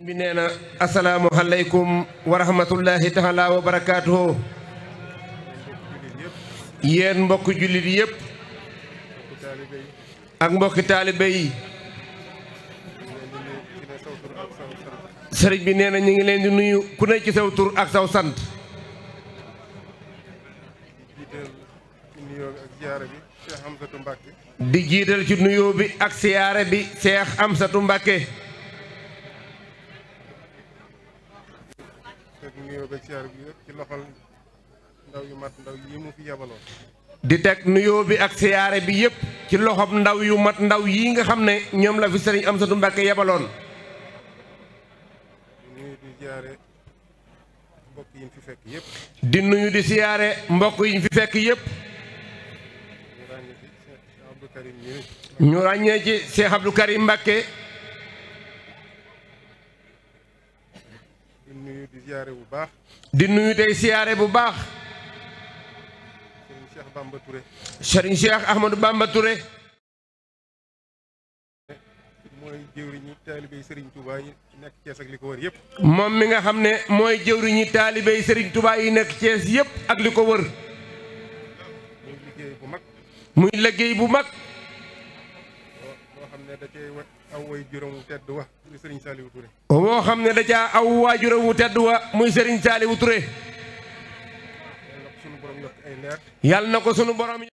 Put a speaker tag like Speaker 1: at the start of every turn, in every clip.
Speaker 1: nee na asalaamu aleykum wa rahmatullahi taala wa barakaatuhu yépp ak mbokki taalibe yi sëriñ bi nee na ñu ngi leen di nuyu ku ne ci saw tur ak saw sant di jiital ci nuyoo bi ak siyaare bi Seex Amsatu Mbàkke
Speaker 2: nuyoo beeg siyaar bi ci loxol ndaw yu mat ndaw yi mu fi
Speaker 1: di teg nuyoo bi ak siyaare bi yëpp ci loxoom ndaw yu mat ndaw yi nga xam ne ñoom la fi sëriñ Amsatu Mbàkke yabaloon. di nuyu di siyaare mbokk yi fi fekk yëpp. di nuyu di mbokk yi ñu fi fekk yëpp. ràññee ci Cheikh Abdou Karim Mbàkke.
Speaker 2: nuyu di siyaare bu baax.
Speaker 1: di nuyu tey siyaare bu baax.
Speaker 2: Serigne Cheikh Bamba Touré.
Speaker 1: Serigne Cheikh Ahmadou ko wër moom mi nga xam ne mooy jëwriñu taalibey sëriñ Touba yi nekk Thiès yëpp ak li ko wër.
Speaker 2: aw way juróom wu wa muy Serigne Saliou Touré.
Speaker 1: woo xam ne da caa aw waa juróom wu tedd wa muy Serigne Saliou Touré.
Speaker 3: yàlla na ko sunu borom yokk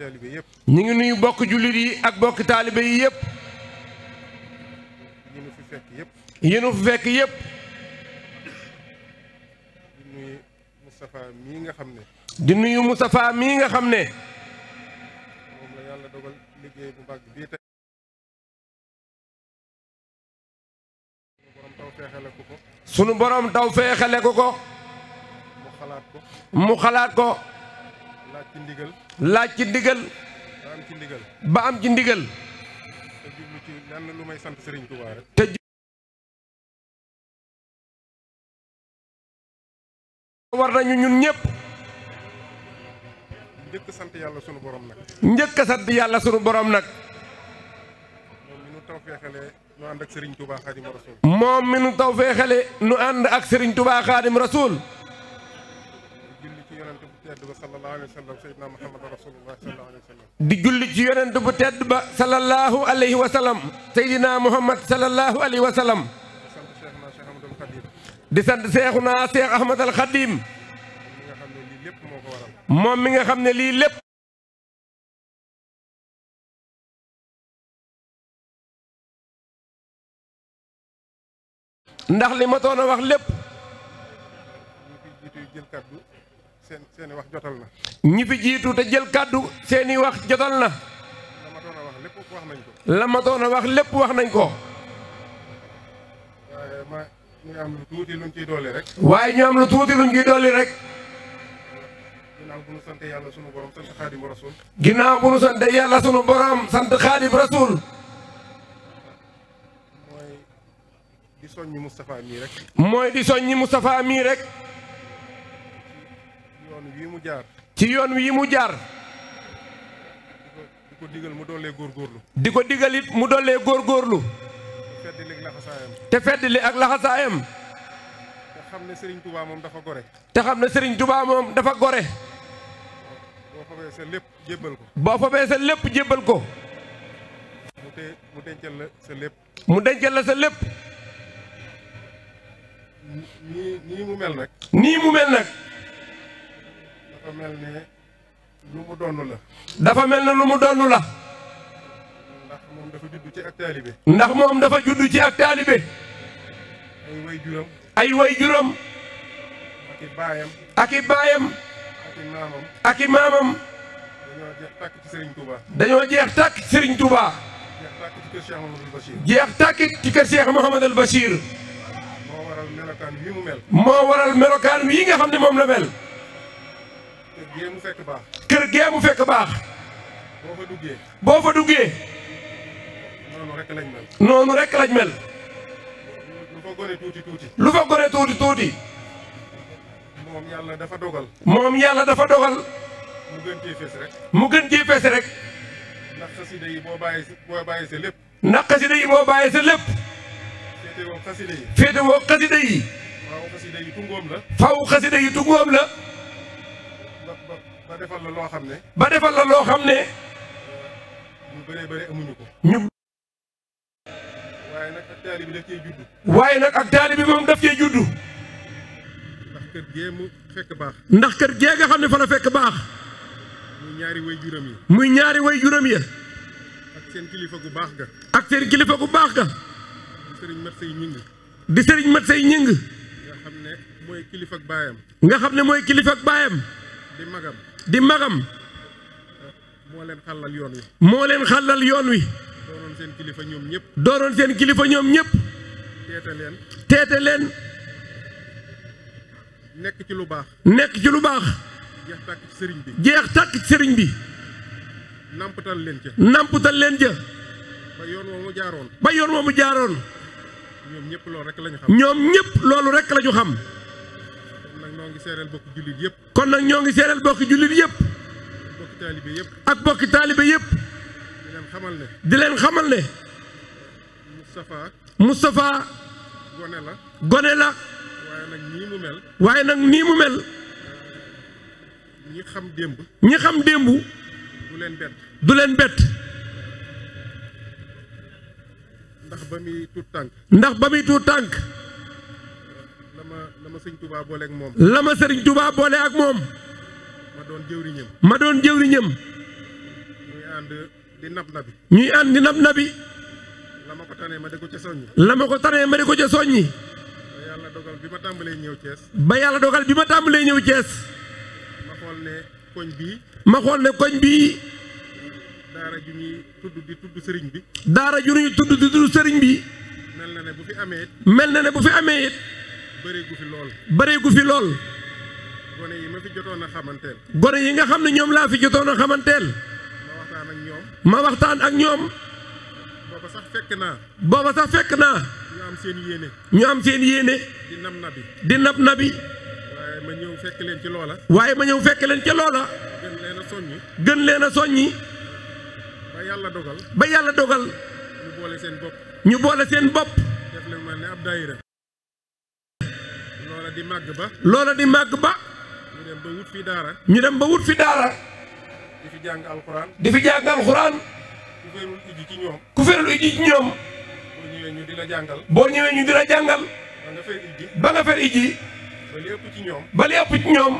Speaker 3: ay leer. ñu ngi nuyu bokk jullit yi ak bokk taalibe yi
Speaker 1: yëpp. yéen a fi fekk yëpp.
Speaker 2: Moustapha mii nga xam ne.
Speaker 1: di nuyu
Speaker 3: Moustapha mii nga xam ne. moom la yàlla dogal liggéey bu mag bii tey. sunu borom taw feexale ko ko. mu xalaat ko. mu xalaat ko.
Speaker 2: laaj ci ndigal.
Speaker 1: laaj ci ndigal. ba am ci ndigal.
Speaker 3: ba war ñu ñun ñëpp.
Speaker 2: njëkk sant yàlla sunu borom nag.
Speaker 3: njëkk sant yàlla sunu borom nag.
Speaker 2: moom mi nu taw feexalee nu ànd ak Serigne Touba Khadim Rasoul.
Speaker 1: moom mi nu taw feexalee nu ànd ak Serigne Touba Khadim Rasoul. di julli ci yonent bu tedd ba sallallahu alayhi wa sallam. Seydina Muhammad sallallahu alayhi wa
Speaker 3: di sant seexuna seex Ahmad al Xadim moom mi nga xam ne lii lépp ndax li ma toon a wax lépp
Speaker 1: ñi jiitu te jël kàddu seeni wax jotal na la ma toon a wax lépp wax nañ ko
Speaker 2: ñu am lu tuuti luñ ciy dolli rek. waaye ñu am lu tuuti luñ ciy dolli rek. ginnaaw bu ñu sant yàlla sunu borom sant xaadim rasul.
Speaker 1: ginnaaw bu ñu sant yàlla sunu borom sant xaadim rasul.
Speaker 2: mooy di soññi Moustapha mii rek.
Speaker 1: mooy di soññi Moustapha mii rek.
Speaker 2: ci yoon wii mu jaar.
Speaker 1: ci yoon wii mu jaar.
Speaker 2: di ko digal mu dollee góorlu
Speaker 1: di ko digal it mu dollee góorlu te fedd li ak laxasaayam
Speaker 2: te xam ne sëriñ Touba moom dafa gore.
Speaker 1: te xam ne Serigne Touba moom dafa gore.
Speaker 2: boo fobee sa lépp jébbal ko.
Speaker 1: boo fobee sa lépp jébbal ko. mu te mu dencal la sa lépp. mu dencal la sa lépp. nii mu mel nag. nii mu mel nag. dafa mel ne lu mu donn la. dafa mel ne lu mu donn la.
Speaker 2: ndax moom dafa judd ci ak taalibe.
Speaker 1: ndax moom dafa judd ci ak taalibe. ay way juram. ay way juram. ak i baayam. ak i baayam. ak i maamam. ak dañoo jeex tàkk ci Serigne jeex tàkk ci Serigne Touba. jeex tàkk ci kër Cheikh Mouhamadul Bachir.
Speaker 2: moo waral melokaan mu mel.
Speaker 1: moo waral melokaan wi nga xam ne moom la mel. kër gee mu fekk baax. boo fa duggee. boo fa duggee.
Speaker 2: noonu rek lañ mel.
Speaker 1: noonu rek lañ mel.
Speaker 2: lu fa gone tuuti tuuti.
Speaker 1: lu fa gone tuuti tuuti.
Speaker 2: moom yàlla dafa dogal.
Speaker 1: moom yàlla dafa dogal.
Speaker 2: mu gën cee fees rek.
Speaker 1: mu gën cee fees rek.
Speaker 2: ndax xasida yi boo bàyyi boo bàyyi sa
Speaker 1: lépp. ndax xasida yi boo bàyyi sa lépp. féete woo xasida yi. féete woo la. faaw xasida yi tungoom la.
Speaker 2: loo xam ne.
Speaker 1: ba defal la xam ne. ñu waaye nag ak taalibe daf ndax kër gee nga xam ne fa la fekk baax.
Speaker 2: muy ñaari way juróom
Speaker 1: muy ñaari way juróom ya ak
Speaker 2: seen kilifa gu baax ga.
Speaker 1: ak kilifa gu baax ga.
Speaker 2: di sëriñ mat yi ñing.
Speaker 1: di sëriñ mat say ñing. nga
Speaker 2: xam ne mooy kilifa ak baayam.
Speaker 1: nga xam ne mooy kilifa baayam. di magam. di magam.
Speaker 2: moo leen xàllal yoon wi.
Speaker 1: moo leen xàllal yoon wi.
Speaker 2: seen kilifa ñoom ñëpp.
Speaker 1: doonoon seen kilifa ñoom ñëpp. teete leen. teete leen.
Speaker 2: nekk ci lu baax.
Speaker 1: nekk ci lu baax.
Speaker 2: jeex tàkk bi.
Speaker 1: jeex tàkk sëriñ bi. nampatal leen ca. leen ca.
Speaker 2: ba yoon moomu jaaroon.
Speaker 1: ba yoon moomu jaaroon.
Speaker 2: ñoom ñëpp loolu rek la xam. ñoom ñëpp rek la ñu xam. kon nag ñoo ngi seeral bokk
Speaker 1: jullit yëpp. kon nag ñoo ngi seeral bokk jullit yëpp.
Speaker 2: ak bokki taalibe yëpp.
Speaker 1: ak bokki taalibe yëpp. di leen xamal ne. mustafaa Moustapha. gone la gone la.
Speaker 2: waaye nag nii mu mel.
Speaker 1: nag nii mu mel.
Speaker 2: ñi xam démb.
Speaker 1: ñi xam démb. du leen bett. du leen bett. ndax ba muy tuut tànk. ndax ba muy tuut tànk.
Speaker 2: lama lama sëriñ Touba boole ak moom.
Speaker 1: sëriñ Touba ak moom. ma doon jëwriñam. ma
Speaker 2: doon di nab nabi.
Speaker 1: ñuy ànd di na bi
Speaker 2: la ma ko tanee ma di ko ca soññi.
Speaker 1: la ma ko tanee ma di ko ca soññi.
Speaker 2: ba yàlla dogal bi ma tàmbalee ñëw cees
Speaker 1: ba yàlla dogal bi ma tàmbalee ñëw cees
Speaker 2: ma xool ne koñ bii.
Speaker 1: ma xool ne koñ bii.
Speaker 2: daara ju ñuy tudd di tudd sëriñ bi.
Speaker 1: daara ju ñuy tudd di tudd sëriñ bi.
Speaker 2: mel na ne bu fi amee it.
Speaker 1: mel na ne bu fi amee it.
Speaker 2: bëree gu fi lool.
Speaker 1: bëree gu fi lool.
Speaker 2: gone yi ma fi jotoon a xamanteel.
Speaker 1: gone yi nga xam ne ñoom laa fi jotoon a xamanteel. ma waxtaan ak ñoom.
Speaker 2: booba sax fekk naa.
Speaker 1: booba sax fekk naa.
Speaker 2: ñu am seen yéene.
Speaker 1: ñu am seen yéene. di nab nabi. di nab nabi.
Speaker 2: waaye ma ñëw fekk leen ci loola.
Speaker 1: waaye ma ñëw fekk leen ci loola.
Speaker 2: gën leen a soññi.
Speaker 1: gën leen a soññi.
Speaker 2: ba yàlla dogal.
Speaker 1: ba yàlla dogal. ñu boole seen bopp. ñu boole seen bopp.
Speaker 2: def leen mel ne ab daayira. loola di màgg ba.
Speaker 1: loola di màgg ba. ñu fi daara. ñu dem ba wut fi daara.
Speaker 2: di fi jàng alxuraan.
Speaker 1: di fi jàng alxuraan.
Speaker 2: ku ferul ijji ci ñoom.
Speaker 1: ku ferul ijji ci ñoom.
Speaker 2: boo ñëwee ñu di la jàngal.
Speaker 1: boo ñëwee ñu di la jàngal. ba nga fer ijji.
Speaker 2: ba ba li ëpp ci ñoom.
Speaker 1: ba li ëpp ci ñoom.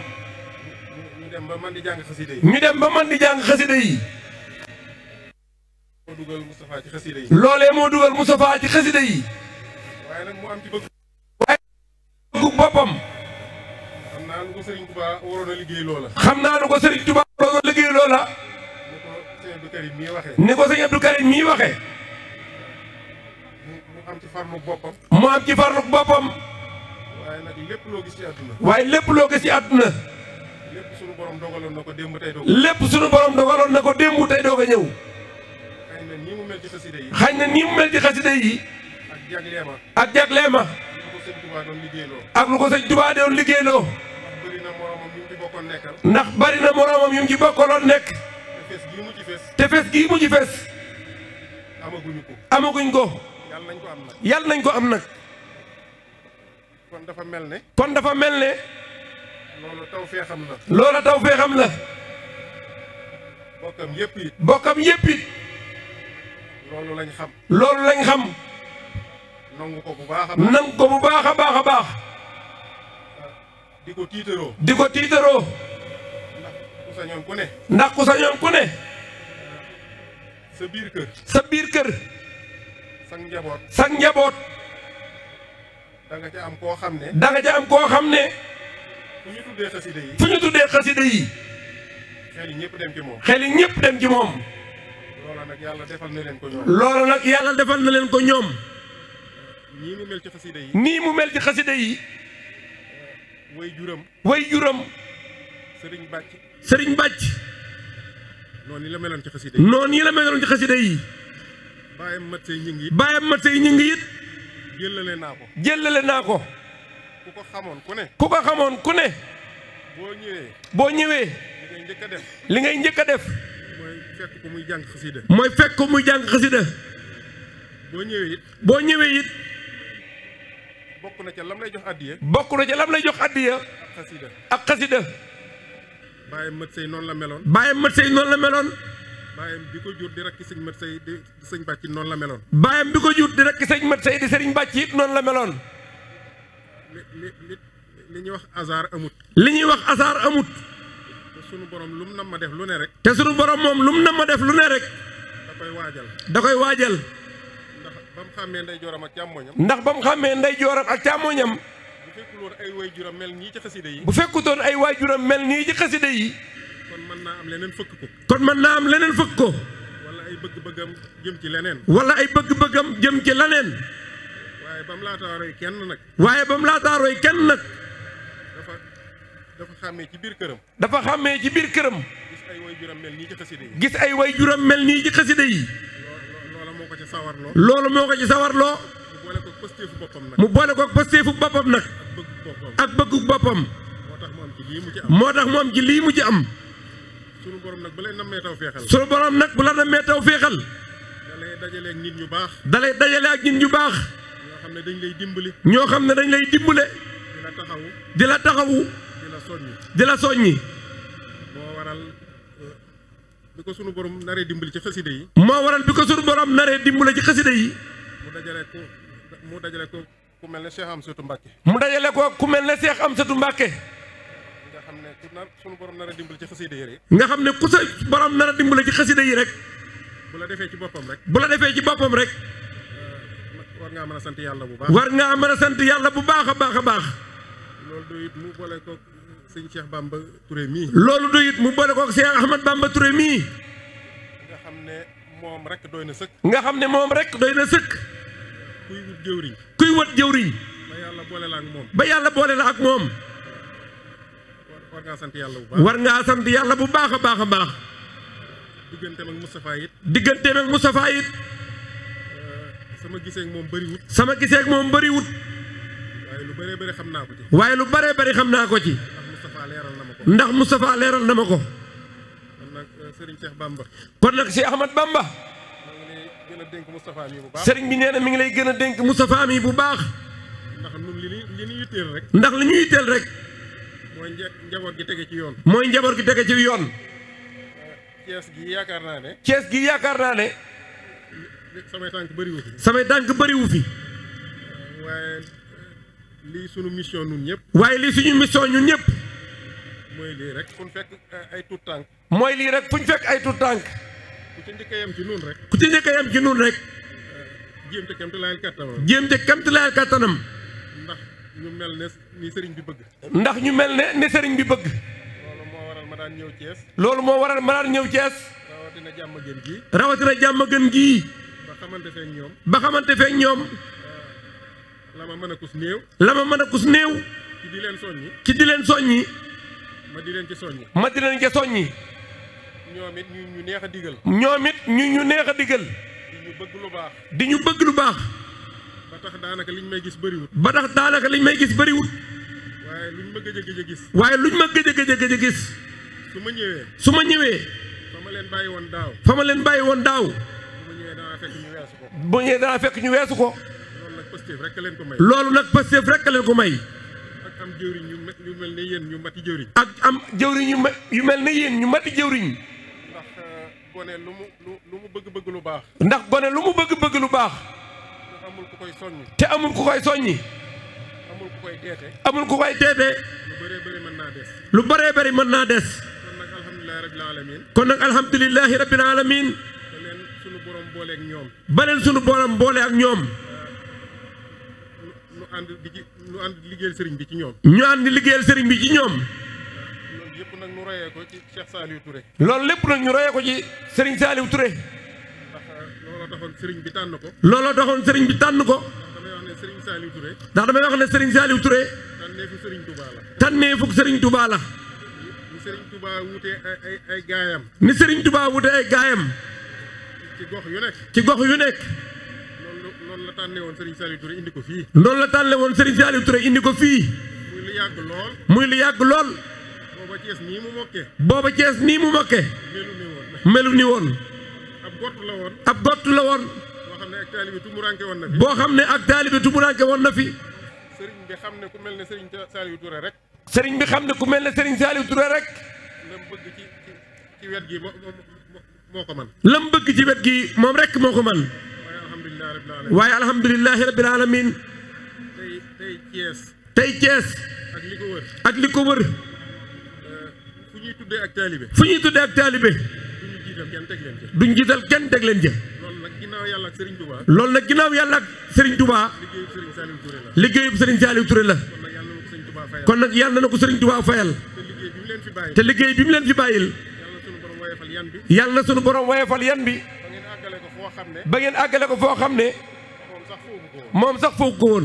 Speaker 2: ñu dem ba man di jàng xasida
Speaker 1: yi. ñu dem ba man di jàng xasida
Speaker 2: moo dugal Moustapha ci xasida
Speaker 1: yi. loolee moo dugal Moustapha ci xasida yi.
Speaker 2: waaye nag mu am ci bëggu boppam. xam naa lu ko Serigne Touba waroon a liggéey loola.
Speaker 1: xam naa lu ko Serigne Touba. liggéey loola ni ko sëñ Abdou Karim mii waxee
Speaker 2: ci farlu boppam
Speaker 1: mu ci farlu boppam
Speaker 2: waaye nag lépp loo gis ci àdduna
Speaker 1: waaye lépp loo gis ci àdduna
Speaker 2: lépp sunu borom dogaloon na ko démb tey doog lépp sunu borom dogaloon
Speaker 1: na ko démb tey doog a ñëw
Speaker 2: xañ na nii mu mel ci xasida yi
Speaker 1: na nii mu mel ci xasida yi
Speaker 2: ak jagleema
Speaker 1: ak jagleema ak lu ko sëñ Tuubaa doon liggéeyloo ndax bari na moroomam yu mu ci bokkaloon nekk. te fes gii mu ci fes. amaguñ ko amaguñ ko. yàlla nañ ko am nag.
Speaker 2: kon dafa mel ne.
Speaker 1: kon dafa mel ne.
Speaker 2: loola taw fee xam la.
Speaker 1: loola taw fee xam la. bokkam yépp it. bokkam yépp it. loolu lañ xam. loolu lañ xam. nangu ko bu baax a nangu ko bu baax a baax a baax. di ko tiitaroo. di ko tiitaroo. ndax ku sañoon ku ne. ndax ku sañoon ku ne. sa biir kër. sa biir kër. sag njaboot. sag njaboot. danga nga ca am koo xam ne. da nga ca am koo xam ne.
Speaker 2: fu ñu tuddee xasida yi.
Speaker 1: fu ñu tuddee xasida yi.
Speaker 2: xel yi ñëpp dem ci moom.
Speaker 1: xel yi ñëpp dem ci moom.
Speaker 2: loola nag yàlla defal na leen ko ñoom. loola
Speaker 1: nag yàlla defal na leen ko ñoom.
Speaker 2: nii ci xasida
Speaker 1: nii mu mel ci xasida yi. way juram way juróom sëriñ bàcc sëriñ bàcc
Speaker 2: noonu yi la meloon ci xasida yi noonu yi la meloon ci xasida yi bàyyam mat
Speaker 1: say ñi ngi it bàyyam mat say ngi it
Speaker 2: jëllale naa ko
Speaker 1: jëllale naa ko ku ko xamoon ku ne boo ñëwee boo ñëwee li ngay njëkk def li ngay njëkk a def
Speaker 2: mooy fekk ko muy jàng xasida
Speaker 1: mooy fekk ko muy jàng xasida boo ñëwee it boo ñëwee it bokk na ca lam lay jox addiya.
Speaker 2: bokk na ca lam lay jox addiya. ak xasida ak xasida. bàyyi mët sëy noonu la meloon. bàyyi mët sëy noonu la meloon. bàyyam bi ko jur di rakki sëñ mët sëy di sëñ bàcc noonu la
Speaker 1: meloon. bàyyam bi ko jur di rakki sëñ mët sëy sëriñ bàcc it noonu la meloon. li ñuy wax hasard amut. li ñuy wax hasard amut.
Speaker 2: te sunu borom lum na ma def lu ne rek. te sunu borom moom lu mu na ma def lu ne rek. da koy waajal
Speaker 1: da koy waajal.
Speaker 2: ba mu xàmmee nday jooram ak càmmoñam. ndax ba mu xàmmee nday jooram ak càmmoñam. bu fekkutoon ay waajuram mel nii ci xasida yi. bu fekkutoon ay
Speaker 1: waajuram mel nii ci xasida yi.
Speaker 2: kon mën naa am leneen fëkk ko.
Speaker 1: kon man naa am leneen fëkk ko.
Speaker 2: wala ay bëgg-bëggam jëm ci leneen. wala
Speaker 1: ay bëgg-bëggam jëm ci leneen.
Speaker 2: waaye ba mu laataarooy kenn nag.
Speaker 1: waaye ba mu laataarooy kenn nag.
Speaker 2: dafa xàmmee ci biir këram.
Speaker 1: dafa xàmmee ci biir këram. gis ay waajuram mel nii ci xasida yi. gis ay waajuram mel nii ci xasida yi. loolu moo ko ci sawarloo mu boole ko pësteefu boppam na ak bëggu boppam moo tax mu am ci lii mu ci am
Speaker 2: sunu borom nag bu la nammee taw féexal sunu borom nag bu la nammee taw féexal dalay dajale ak nit ñu baax
Speaker 1: dalay dajale ak nit ñu baax
Speaker 2: ñoo xam ne dañ lay dimbali
Speaker 1: ñoo xam ne dañ lay dimbale di la taxawu di la taxawu di la soññi di la soññi
Speaker 2: moo bi ko sunu borom naree dimbali ci xasida yi.
Speaker 1: moo waral bi ko sunu borom naree dimbali ci xasida yi.
Speaker 2: mu dajale ko ku mel ne Cheikh Amsatou Mbacke.
Speaker 1: mu dajale ko ku mel ne Cheikh Amsatou Mbacke.
Speaker 2: nga xam ne ku nar sunu borom naree dimbali ci xasida yi rek.
Speaker 1: nga xam ne ku sa borom naree dimbali ci xasida yi rek.
Speaker 2: bu la defee ci boppam rek.
Speaker 1: bu la defee ci boppam rek. Euh,
Speaker 2: war ngaa mën a sant yàlla bu baax. war ngaa mën
Speaker 1: a sant yàlla bu baax a baax a baax.
Speaker 2: sëñ Cheikh Bamba
Speaker 1: Touré mii. loolu du it mu boole koog Cheikh Ahmad Bamba Touré mii.
Speaker 2: nga xam ne moom rek doy na sëkk. nga xam
Speaker 1: ne moom rek doy na sëkk. kuy wut jëwriñ. kuy wut jëwriñ.
Speaker 2: ba yàlla boole la ak moom. ba
Speaker 1: yàlla boole la ak moom.
Speaker 2: war ngaa sant yàlla bu baax war
Speaker 1: ngaa sant yàlla bu baax a baax a baax.
Speaker 2: digganteem ak Moustapha it.
Speaker 1: digganteem ak Moustapha it. Uh,
Speaker 2: sama gisee moom bëriwut. sama gisee moom bariwut waaye lu bëree bëri xam naa
Speaker 1: ko waaye lu bëree bëri xam naa ko ci. ndax Moustapha leeral na ma ko. kon nag euh, Serigne Cheikh Bamba. kon nag Cheikh Ahmad Bamba. Serigne bi nee na mi ngi lay gën a dénk Moustapha mi bu baax.
Speaker 2: ndax ñun li li ñu yitteel rek.
Speaker 1: ndax li ñu yitteel rek.
Speaker 2: mooy njaboot gi tege ci yoon. mooy
Speaker 1: njaboot gi tege ci yoon.
Speaker 2: Cees euh, gi yaakaar naa ne.
Speaker 1: Cees gi yaakaar naa ne.
Speaker 2: samay tànk bariwu fi.
Speaker 1: samay tànk bariwu fi.
Speaker 2: Euh, waaye lii sunu mission
Speaker 1: ñun ñëpp. waaye lii suñu mission ñun ñëpp.
Speaker 2: mooy lii rek fu ñu fekk eh, ay tuut tànk.
Speaker 1: mooy lii rek fu ñu fekk ay tuut tànk.
Speaker 2: ku ci njëkk a ci nun rek.
Speaker 1: ku ci njëkk a yem ci nun rek. Eh,
Speaker 2: jéem te kemt laayal kattanam. jéem te kemt laayal ndax ñu mel ne ni sëriñ bi bëgg.
Speaker 1: ndax ñu mel ne ni sëriñ bi bëgg.
Speaker 2: loolu moo waral ma daan ñëw Thiès.
Speaker 1: loolu moo waral ma daan ñëw Thiès. rawatina jàmm gën gii. rawatina jàmm gën gii.
Speaker 2: ba xamante feeg ñoom.
Speaker 1: ba xamante ñoom. Eh,
Speaker 2: la ma mën a kus néew.
Speaker 1: la ma mën a néew. ki di leen soññi.
Speaker 2: ma di leen ci soññi. ma
Speaker 1: di leen ci soññi.
Speaker 2: ñoom it ñu ñu neex a digal.
Speaker 1: ñoom it ñu ñu neex a digal. di
Speaker 2: ñu
Speaker 1: di ñu bëgg lu baax.
Speaker 2: ba tax daanaka liñ may gis bëriwut. ba tax daanaka liñ may gis bëriwut. waaye luñ ma gëj a gis. waaye luñ ma gëj
Speaker 1: a gëj a gis.
Speaker 2: su ma ñëwee. su ma ñëwee.
Speaker 1: fa ma leen bàyyi woon daaw. fa ma leen bàyyi woon daaw. bu ñëwee danaa fekk ñu weesu ko. bu
Speaker 2: fekk ñu weesu ko. loolu nag Pastef rek leen ko may. loolu
Speaker 1: nag Pastef rek leen ko may.
Speaker 2: am jëwriñ yu mel ne yéen ñu mati jëwriñ ak am jëwriñ yu mel ne yéen ñu mati jëwriñ ndax euh, gone lu mu bëgg bëgg lu baax
Speaker 1: ndax gone lu mu bëgg bëgg lu baax te amul ku koy soññi
Speaker 2: te amul ku koy ku koy teete
Speaker 1: amul ku koy teete lu baree bari mën naa des lu bëree bëri mën naa des kon nag alhamdulilahi rabbil alamin ba leen sunu borom boole ak ba sunu borom boole ak ñoom
Speaker 2: ànd di ci sëriñ bi ci
Speaker 1: ñoom. ñu ànd liggéeyal sëriñ bi ci ñoom.
Speaker 2: loolu lépp nag ko ci Cheikh Saliou Touré.
Speaker 1: lépp nag ñu royee ko ci sëriñ Saliou Touré.
Speaker 2: Euh, sëriñ bi tànn
Speaker 1: ko. looloo taxoon sëriñ tànn ko. ndax
Speaker 2: damay wax ne sëriñ Saliou Touré.
Speaker 1: ndax damay wax ne sëriñ Saliou Touré.
Speaker 2: tànneefu sëriñ la.
Speaker 1: tànneefu sëriñ Touba la.
Speaker 2: ni sëriñ Touba wutee ay gaayam.
Speaker 1: ni sëriñ tubaa wutee ay gaayam. ci gox yu nekk. ci gox yu nekk. loolu la tànne woon Serigne Saliou Touré indi ko fii. loolu la tànne woon Serigne Saliou Touré indi ko fii.
Speaker 2: muy lu yàgg lool.
Speaker 1: muy lu yàgg lool.
Speaker 2: booba Thiès nii mu mokke.
Speaker 1: booba Thiès nii mu mokke. melu ni woon. melu ni woon.
Speaker 2: ab gott la woon.
Speaker 1: ab gott la woon.
Speaker 2: boo xam ne ak taalibe tumuranke woon na fi. boo xam ne ak
Speaker 1: taalibe tumuranke woon na fi.
Speaker 2: Serigne bi xam ne ku mel ne Serigne Saliou Touré rek.
Speaker 1: Serigne bi xam ne ku mel ne Serigne Saliou Touré rek.
Speaker 2: lam bëgg ci ci wet gi moo ko man
Speaker 1: lam bëgg ci wet gi moom rek moo ko man waaye alhamdulilahi rabbil alamin tey Thiès
Speaker 3: ak li ko wër ak li ko
Speaker 2: fu ñuy tuddee ak taalibe fu ñuy tuddee
Speaker 3: ak duñ jiital kenn teg leen jë loolu nag ginnaaw yàlla
Speaker 1: ak Serigne Touba loolu nag ginnaaw yàlla ak Serigne Touba liggéeyub Serigne Saliou Touré la kon nag yàlla na ko Serigne Touba fayal te liggéey bi mu leen fi bàyyil yàlla sunu borom woyefal yan bi ba ngeen àggale ko foo xam ne moom sax foofu ko woon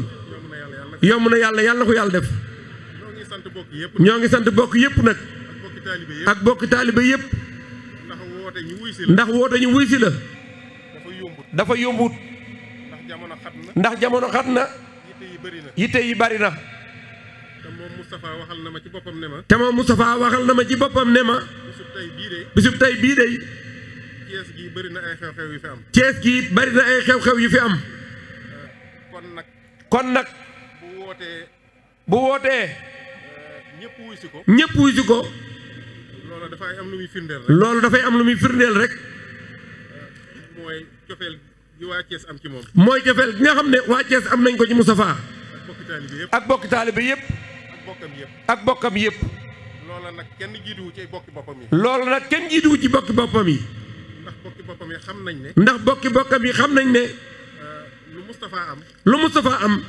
Speaker 1: yomb na yàlla yàlla ko yàlla def ñoo ngi sant bokk yépp nag ak bokki taalibe yépp ndax woote ñu wuy si la dafa yombut ndax jamono xat na yitte yi bari na te
Speaker 2: moom Moustapha waxal
Speaker 1: na ma ci boppam ne ma bisub tey bii dey
Speaker 2: Thiès gi bëri na ay xew-xew yu fi am.
Speaker 1: Thiès gi bëri na ay xew-xew yu fi am. Eh, kon nag. kon nag.
Speaker 2: bu wootee.
Speaker 1: bu wootee. Eh,
Speaker 2: ñëpp wuy si ko. ñëpp wuy si ko. loolu dafay am lu muy firndeel
Speaker 1: rek. loolu dafay am lu muy firndeel rek. Eh,
Speaker 2: mooy cofeel gi waa Thiès am ci moom.
Speaker 1: mooy cofeel gi nga xam ne waa Thiès am nañ ko ci Moustapha. ak bokk taalibe yëpp. ak bokk taalibe yëpp. ak bokkam yëpp. ak bokkam yëpp.
Speaker 2: loola nag kenn jiituwu ci bokki boppam
Speaker 1: yi. loola nag kenn jiituwu ci bokki boppam yi.
Speaker 2: bokki boppam yi nañ ne.
Speaker 1: ndax bokki boppam yi xam nañ ne. Euh,
Speaker 2: lu Moustapha am.
Speaker 1: lu Moustapha am.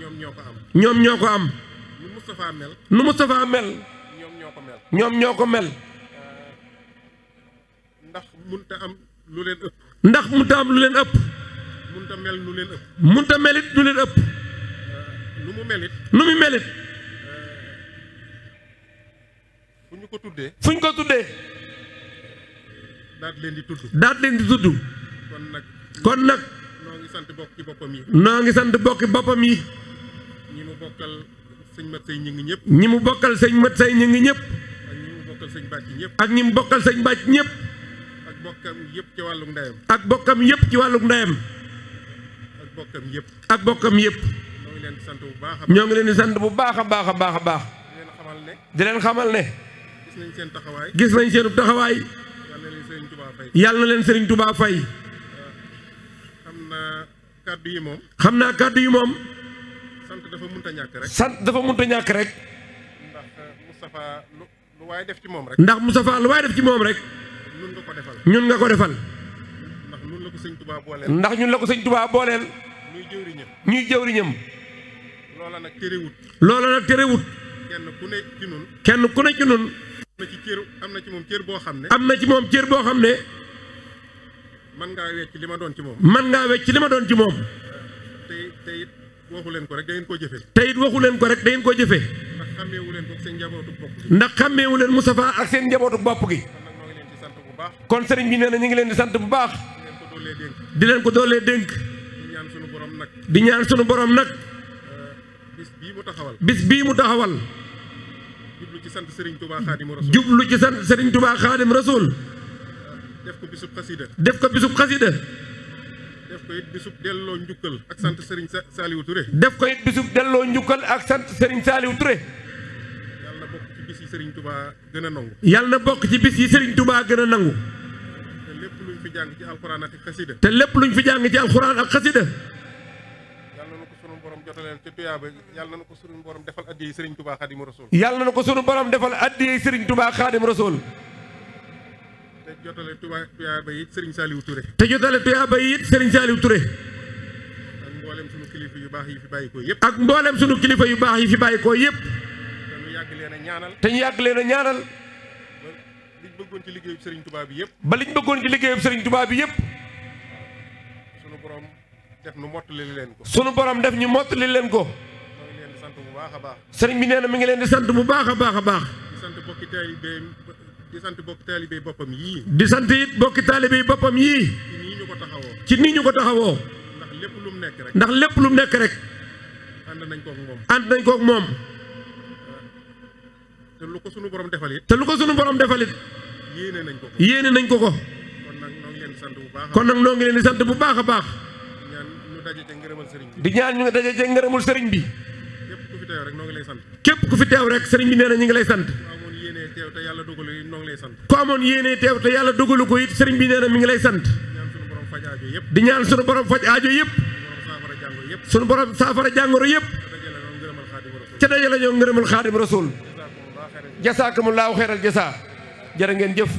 Speaker 1: ñoom ñoo ko am. ñoom ñoo ko am.
Speaker 2: lu Moustapha mel.
Speaker 1: lu ñoom ñoo ko mel. ñoom ñoo ko mel. Euh,
Speaker 2: ndax munta am lu leen ëpp.
Speaker 1: ndax munta am lu leen ëpp.
Speaker 2: munta mel lu leen ëpp.
Speaker 1: munta melit lu leen ëpp.
Speaker 2: Euh, lu mu melit.
Speaker 1: nu mu melit. fu ñu ko tuddee. fu ñu ko tuddee. daat leen di tudd. daat leen di tudd. kon nag. kon nag. noo ngi sant bokki boppam yi. noo ngi sant bokki boppam yi. ñi mu bokkal sëñ mat say ñi ngi ñëpp. ñi mu bokkal sëñ mat say ñi ngi ñëpp. ak ñi mu bokkal sëñ ñëpp. ak ñi mu bokkal sëñ bàcc ñëpp. ak bokkam yépp ci wàllum ndeyam. ak bokkam yëpp ci wàllum ndeyam. ak bokkam yëpp. ak bokkam yëpp.
Speaker 2: ñoo ngi leen di sant bu baax a baax. ñoo leen
Speaker 1: di bu baax a baax a baax a baax. di leen xamal ne.
Speaker 2: gis nañ seen taxawaay.
Speaker 1: gis nañ seen taxawaay. yàlla na leen Serigne Touba fay. Euh,
Speaker 2: xam naa kàddu yi moom.
Speaker 1: xam naa kàddu yi moom.
Speaker 2: sant dafa mënut ñàkk rek. sant dafa mënut ñàkk rek. ndax euh, Moustapha lu waay def ci moom rek. ndax Moustapha lu waay ci moom
Speaker 1: rek. ñun nga ko defal. ñun nga ko defal.
Speaker 2: ndax ñun la ko sëñ Touba booleel. ndax ñun la
Speaker 1: ko sëñ Touba booleel. ñuy jëwriñam.
Speaker 2: loola nag terewut.
Speaker 1: loola nag terewut. kenn ku ne ci ñun.
Speaker 2: am na ci am na ci moom cër boo xam ne.
Speaker 1: am na ci moom cër boo xam ne.
Speaker 2: man ngaa wecc li ma doon ci moom.
Speaker 1: man ngaa wecc li ma doon ci moom.
Speaker 2: tey tey waxu leen ko rek da koo jëfee.
Speaker 1: tey it waxu leen ko rek da ngeen koo jëfee.
Speaker 2: ndax xàmmeewu leen ko seen njabootu bopp
Speaker 1: gi. ndax xàmmeewu leen Moustapha ak seen njabootu bopp gi. kon seriñ bi nee na ñu ngi leen di sant bu baax. di leen ko doolee dénk. di ñaan sunu borom nag. di ñaan sunu borom nag. bis bii mu taxawal. bis bii mu taxawal.
Speaker 2: jublu ci sant Serigne Touba Xaadim Rasul. jublu ci sant Serigne Touba
Speaker 1: Xaadim Rasul.
Speaker 2: def ko bisub def ko bisub xasida. def ko it bisub delloo njukkal ak sant Serigne Saliou Touré. def ko it ak sant Serigne Saliou Touré. yàlla na bokk ci bis yi Serigne Touba gën a nangu.
Speaker 1: yàlla na bokk ci bis yi Serigne Touba gën a nangu.
Speaker 2: lépp luñ fi jàng ci alxuraan ak xasida. te lépp luñ fi jàng ci alxuraan ak xasida. jotaleel ci tuyaaba yàlla na ko sunu borom defal addiyee Serigne Touba Khadim Rasoul.
Speaker 1: yàlla na ko sunu borom defal addiyee Serigne Touba Khadim Rasoul.
Speaker 2: te jotale tuyaaba yi Serigne Saliou Touré.
Speaker 1: te jotale tuyaaba yi Serigne Saliou Touré. ak
Speaker 2: mboolem sunu kilifa yu baax yi fi bàyyi ko
Speaker 1: yëpp. ak mboolem sunu kilifa yu baax yi fi bàyyi ko yëpp.
Speaker 2: te ñu yàgg leen a ñaanal. te
Speaker 1: ñu yàgg leen a ñaanal.
Speaker 2: ba liñ bëggoon ci liggéeyub Serigne
Speaker 1: Touba bi yëpp. ba liñ bëggoon ci liggéeyub Serigne Touba bi yëpp.
Speaker 2: def nu mottali leen ko. sunu borom def ñu mottali leen ko. sëriñ bi nee na mi ngi leen di sant bu baaxa baaxa baax di sant bokki taalibe di sant bokki taalibe boppam
Speaker 1: yii. di sant it bokki taalibe boppam yii. ci nii
Speaker 2: ñu ko taxawoo. ci nii ñu ko taxawoo. ndax lépp lu mu nekk rek. ndax lépp lu mu
Speaker 3: nekk rek. ànd nañ kook moom. ànd nañ kook moom.
Speaker 2: te lu ko sunu borom defal te lu ko sunu borom defal it.
Speaker 1: yéene nañ ko ko. nañ
Speaker 2: ko ko. kon nag noo ngi leen di sant bu baax a baax. di
Speaker 1: ñaan ñu nga daje ku fi teew rek noo ngi ñu ngi lay sant. teew te yàlla dogalu it noo ngi lay sant. ku amoon yéene teew te yàlla dogalu ko it sëriñ bi nee na mi ngi lay sant. di ñaan suñu borom faj aajo yëpp. suñu borom saafara jàngoro yëpp. ca daje la ñoo ngërëmal xaadim rasul. jasaakumullaahu xeeral jasa jërë ngeen jëf.